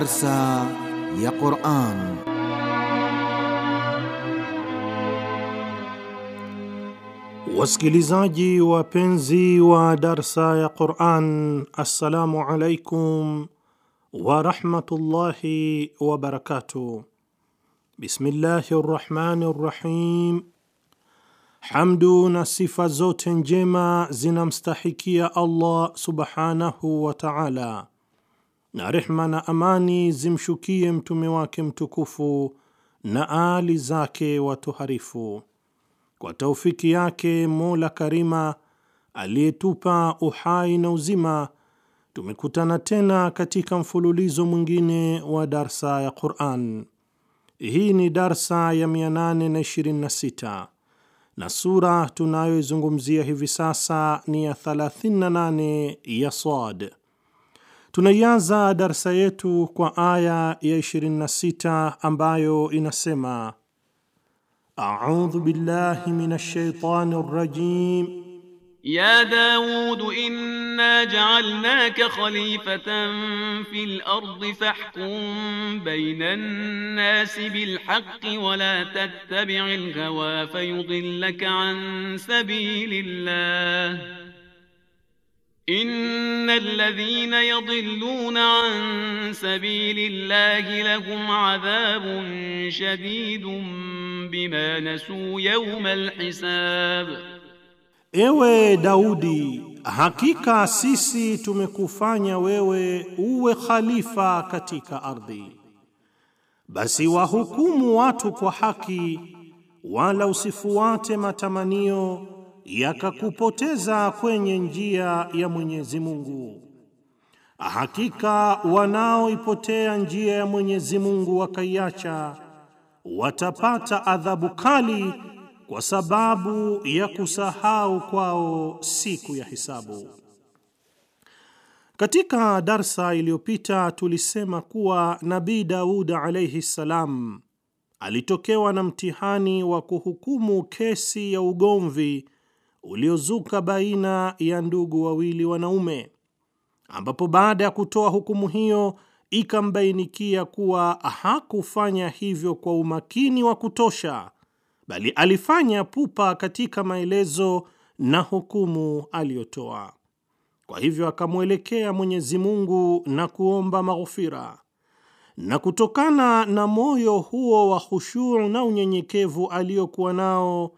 darsa ya Quran. Wasikilizaji wapenzi wa darsa ya Quran, assalamu alaikum warahmatullahi wabarakatuh wa barakatuh. Bismillahi rahmani rahim. Hamdu na sifa zote njema zinamstahikia Allah subhanahu wa ta'ala na rehma na amani zimshukie mtume wake mtukufu na aali zake watoharifu. Kwa taufiki yake Mola Karima aliyetupa uhai na uzima, tumekutana tena katika mfululizo mwingine wa darsa ya Quran. Hii ni darsa ya 826 na sura tunayoizungumzia hivi sasa ni ya 38 ya Sad. Tunaianza darsa yetu kwa aya ya 26 ambayo inasema: audhu billahi minash shaitani rajim ya Daud inna ja'alnaka khalifatan fil ardi fahkum bayna an-nasi bil haqqi wa la al hawa fayudillaka an sabilillah إن الذين يضلون عن سبيل الله لهم عذاب شديد بما نسوا يوم الحساب Ewe Daudi, hakika sisi tumekufanya wewe uwe khalifa katika ardhi, basi wahukumu watu kwa haki, wala usifuate matamanio yakakupoteza kwenye njia ya Mwenyezi Mungu. Hakika wanaoipotea njia ya Mwenyezi Mungu wakaiacha, watapata adhabu kali kwa sababu ya kusahau kwao siku ya hisabu. Katika darsa iliyopita tulisema kuwa Nabii Daud alayhi ssalam alitokewa na mtihani wa kuhukumu kesi ya ugomvi uliozuka baina ya ndugu wawili wanaume, ambapo baada ya kutoa hukumu hiyo ikambainikia kuwa hakufanya hivyo kwa umakini wa kutosha, bali alifanya pupa katika maelezo na hukumu aliyotoa. Kwa hivyo akamwelekea Mwenyezi Mungu na kuomba maghufira Na kutokana na moyo huo wa khushuu na unyenyekevu aliyokuwa nao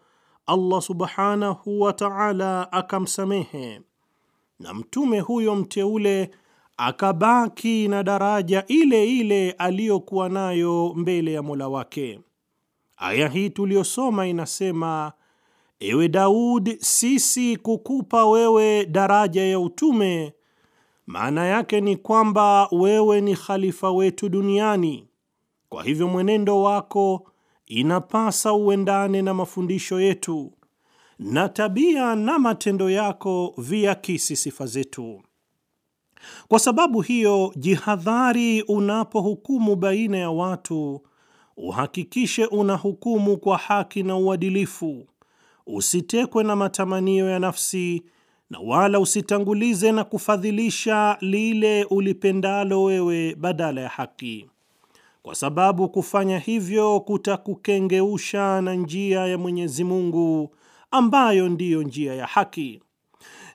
Allah subhanahu wa ta'ala akamsamehe, na mtume huyo mteule akabaki na daraja ile ile aliyokuwa nayo mbele ya Mola wake. Aya hii tuliyosoma inasema: Ewe Daud, sisi kukupa wewe daraja ya utume, maana yake ni kwamba wewe ni khalifa wetu duniani. Kwa hivyo mwenendo wako inapasa uendane na mafundisho yetu na tabia na matendo yako viakisi sifa zetu. Kwa sababu hiyo, jihadhari unapohukumu baina ya watu, uhakikishe unahukumu kwa haki na uadilifu. Usitekwe na matamanio ya nafsi na wala usitangulize na kufadhilisha lile ulipendalo wewe badala ya haki kwa sababu kufanya hivyo kutakukengeusha na njia ya Mwenyezi Mungu ambayo ndiyo njia ya haki.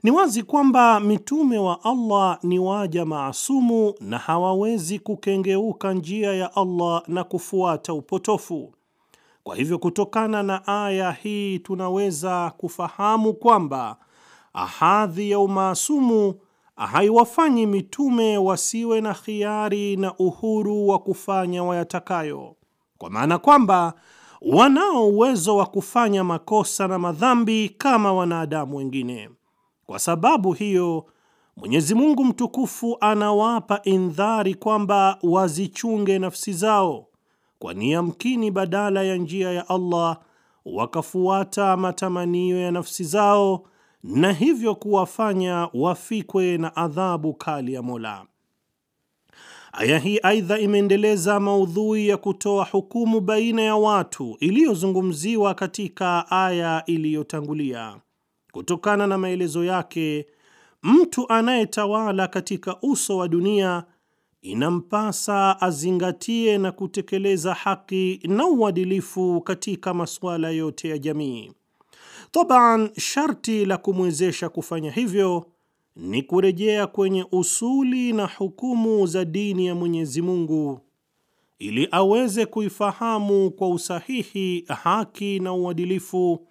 Ni wazi kwamba mitume wa Allah ni waja maasumu na hawawezi kukengeuka njia ya Allah na kufuata upotofu. Kwa hivyo, kutokana na aya hii tunaweza kufahamu kwamba ahadhi ya umaasumu haiwafanyi mitume wasiwe na khiari na uhuru wa kufanya wayatakayo, kwa maana kwamba wanao uwezo wa kufanya makosa na madhambi kama wanadamu wengine. Kwa sababu hiyo, Mwenyezi Mungu mtukufu anawapa indhari kwamba wazichunge nafsi zao, kwani yamkini badala ya njia ya Allah wakafuata matamanio ya nafsi zao na hivyo kuwafanya wafikwe na adhabu kali ya Mola. Aya hii aidha imeendeleza maudhui ya kutoa hukumu baina ya watu iliyozungumziwa katika aya iliyotangulia. Kutokana na maelezo yake, mtu anayetawala katika uso wa dunia inampasa azingatie na kutekeleza haki na uadilifu katika masuala yote ya jamii. Taban, sharti la kumwezesha kufanya hivyo ni kurejea kwenye usuli na hukumu za dini ya Mwenyezi Mungu ili aweze kuifahamu kwa usahihi haki na uadilifu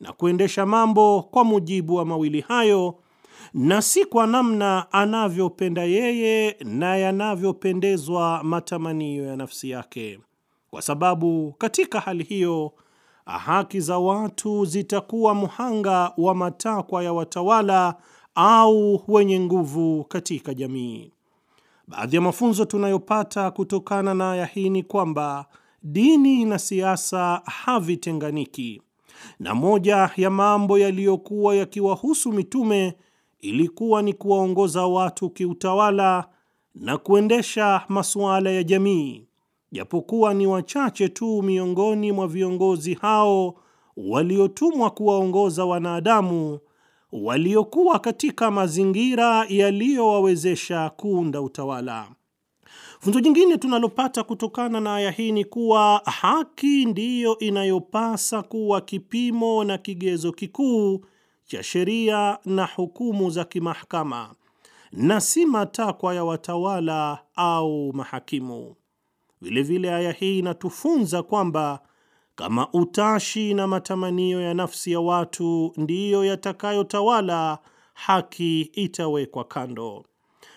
na kuendesha mambo kwa mujibu wa mawili hayo na si kwa namna anavyopenda yeye na yanavyopendezwa matamanio ya nafsi yake, kwa sababu katika hali hiyo haki za watu zitakuwa mhanga wa matakwa ya watawala au wenye nguvu katika jamii. Baadhi ya mafunzo tunayopata kutokana na aya hii ni kwamba dini na siasa havitenganiki, na moja ya mambo yaliyokuwa yakiwahusu mitume ilikuwa ni kuwaongoza watu kiutawala na kuendesha masuala ya jamii japokuwa ni wachache tu miongoni mwa viongozi hao waliotumwa kuwaongoza wanadamu waliokuwa katika mazingira yaliyowawezesha kuunda utawala. Funzo jingine tunalopata kutokana na aya hii ni kuwa haki ndiyo inayopasa kuwa kipimo na kigezo kikuu cha sheria na hukumu za kimahakama na si matakwa ya watawala au mahakimu. Vilevile aya hii inatufunza kwamba kama utashi na matamanio ya nafsi ya watu ndiyo yatakayotawala, haki itawekwa kando,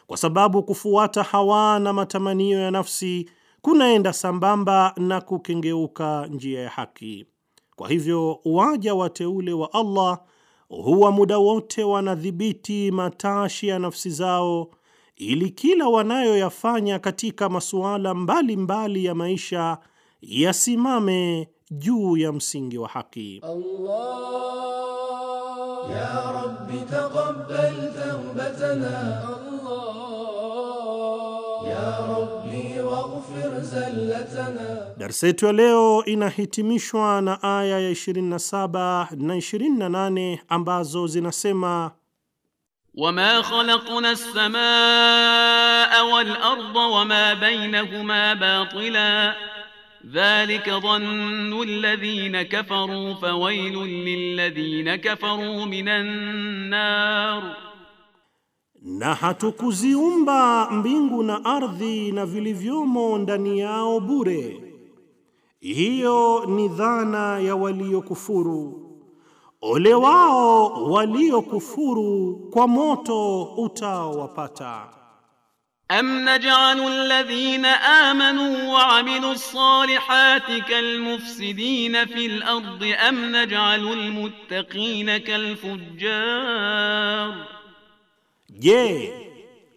kwa sababu kufuata hawa na matamanio ya nafsi kunaenda sambamba na kukengeuka njia ya haki. Kwa hivyo waja wateule wa Allah huwa muda wote wanadhibiti matashi ya nafsi zao ili kila wanayoyafanya katika masuala mbalimbali ya maisha yasimame juu ya msingi wa haki. Darsa yetu ya leo inahitimishwa na aya ya 27 na 28 ambazo zinasema Wama khalaqna as-samaa wal-ardha wama baynahuma batila dhalika dhannu alladhina kafaru fawailun lilladhina kafaru minan nar, na hatukuziumba mbingu na ardhi na vilivyomo ndani yao bure. Hiyo ni dhana ya waliokufuru Ole wao waliokufuru, kwa moto utaowapata. Am naj'alu alladhina amanu wa amilu ssalihati mufsidina fil ardi am naj'alu kal-fujjar, Je,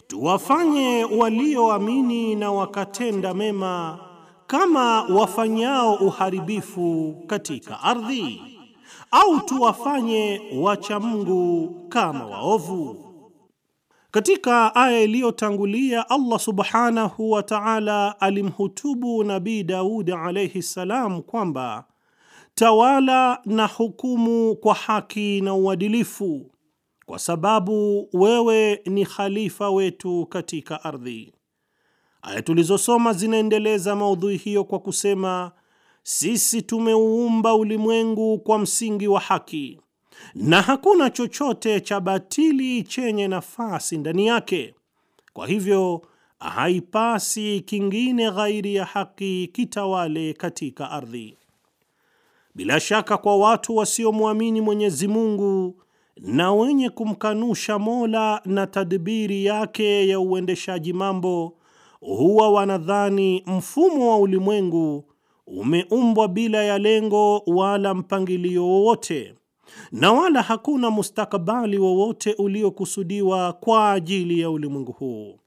tuwafanye walioamini na wakatenda mema kama wafanyao uharibifu katika ardhi? au tuwafanye wacha Mungu kama waovu? Katika aya iliyotangulia Allah subhanahu wa ta'ala alimhutubu Nabii Daudi alayhi salam kwamba tawala na hukumu kwa haki na uadilifu, kwa sababu wewe ni khalifa wetu katika ardhi. Aya tulizosoma zinaendeleza maudhui hiyo kwa kusema sisi tumeuumba ulimwengu kwa msingi wa haki na hakuna chochote cha batili chenye nafasi ndani yake. Kwa hivyo haipasi kingine ghairi ya haki kitawale katika ardhi. Bila shaka kwa watu wasiomwamini Mwenyezi Mungu na wenye kumkanusha Mola na tadbiri yake ya uendeshaji mambo, huwa wanadhani mfumo wa ulimwengu umeumbwa bila ya lengo wala mpangilio wowote, na wala hakuna mustakabali wowote uliokusudiwa kwa ajili ya ulimwengu huu.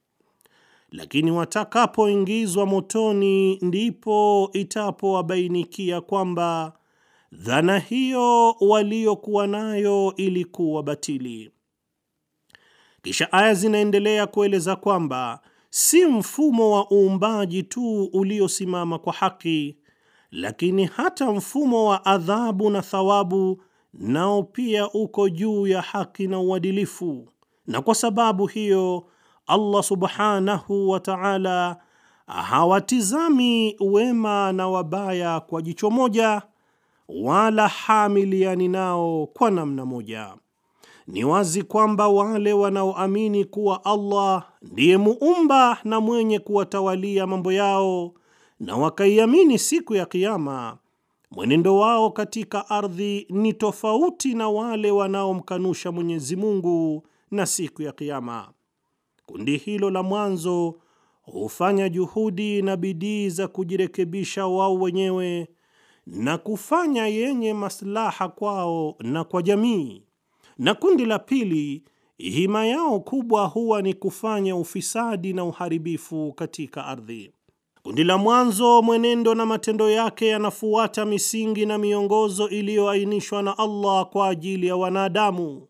Lakini watakapoingizwa motoni, ndipo itapowabainikia kwamba dhana hiyo waliokuwa nayo ilikuwa batili. Kisha aya zinaendelea kueleza kwamba si mfumo wa uumbaji tu uliosimama kwa haki, lakini hata mfumo wa adhabu na thawabu nao pia uko juu ya haki na uadilifu. Na kwa sababu hiyo Allah subhanahu wa ta'ala hawatizami wema na wabaya kwa jicho moja, wala hamiliani nao kwa namna moja. Ni wazi kwamba wale wanaoamini kuwa Allah ndiye muumba na mwenye kuwatawalia mambo yao na wakaiamini siku ya Kiama, mwenendo wao katika ardhi ni tofauti na wale wanaomkanusha Mwenyezi Mungu na siku ya Kiama. Kundi hilo la mwanzo hufanya juhudi na bidii za kujirekebisha wao wenyewe na kufanya yenye maslaha kwao na kwa jamii, na kundi la pili, hima yao kubwa huwa ni kufanya ufisadi na uharibifu katika ardhi. Kundi la mwanzo, mwenendo na matendo yake yanafuata misingi na miongozo iliyoainishwa na Allah kwa ajili ya wanadamu,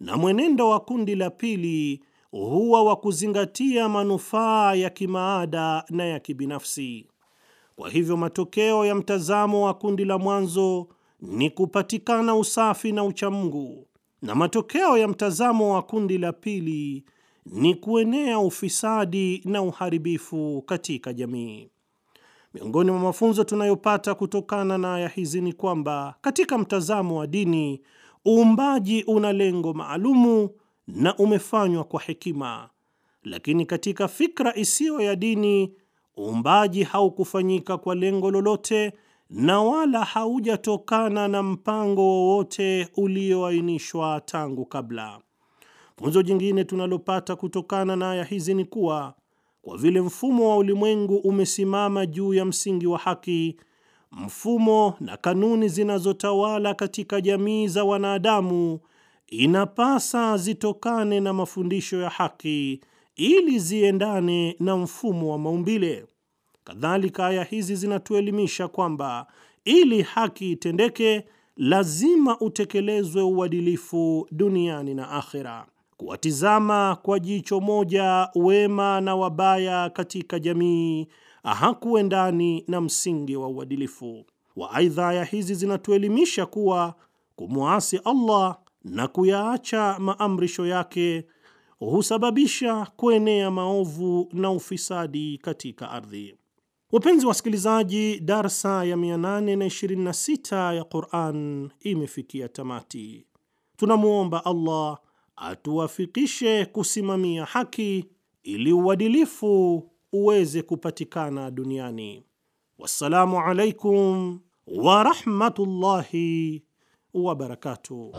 na mwenendo wa kundi la pili huwa wa kuzingatia manufaa ya kimaada na ya kibinafsi. Kwa hivyo, matokeo ya mtazamo wa kundi la mwanzo ni kupatikana usafi na uchamungu, na matokeo ya mtazamo wa kundi la pili ni kuenea ufisadi na uharibifu katika jamii. Miongoni mwa mafunzo tunayopata kutokana na aya hizi ni kwamba katika mtazamo wa dini, uumbaji una lengo maalumu na umefanywa kwa hekima, lakini katika fikra isiyo ya dini, uumbaji haukufanyika kwa lengo lolote na wala haujatokana na mpango wowote ulioainishwa tangu kabla. Funzo jingine tunalopata kutokana na aya hizi ni kuwa kwa vile mfumo wa ulimwengu umesimama juu ya msingi wa haki, mfumo na kanuni zinazotawala katika jamii za wanadamu inapasa zitokane na mafundisho ya haki ili ziendane na mfumo wa maumbile. Kadhalika, aya hizi zinatuelimisha kwamba ili haki itendeke, lazima utekelezwe uadilifu duniani na akhera kuwatizama kwa jicho moja wema na wabaya katika jamii hakuendani na msingi wa uadilifu. Aidha, ya hizi zinatuelimisha kuwa kumwasi Allah na kuyaacha maamrisho yake husababisha kuenea maovu na ufisadi katika ardhi. Wapenzi wasikilizaji, darsa ya 826 ya Quran imefikia tamati. Tunamwomba Allah atuwafikishe kusimamia haki ili uadilifu uweze kupatikana duniani. Wassalamu alaikum warahmatullahi wabarakatuh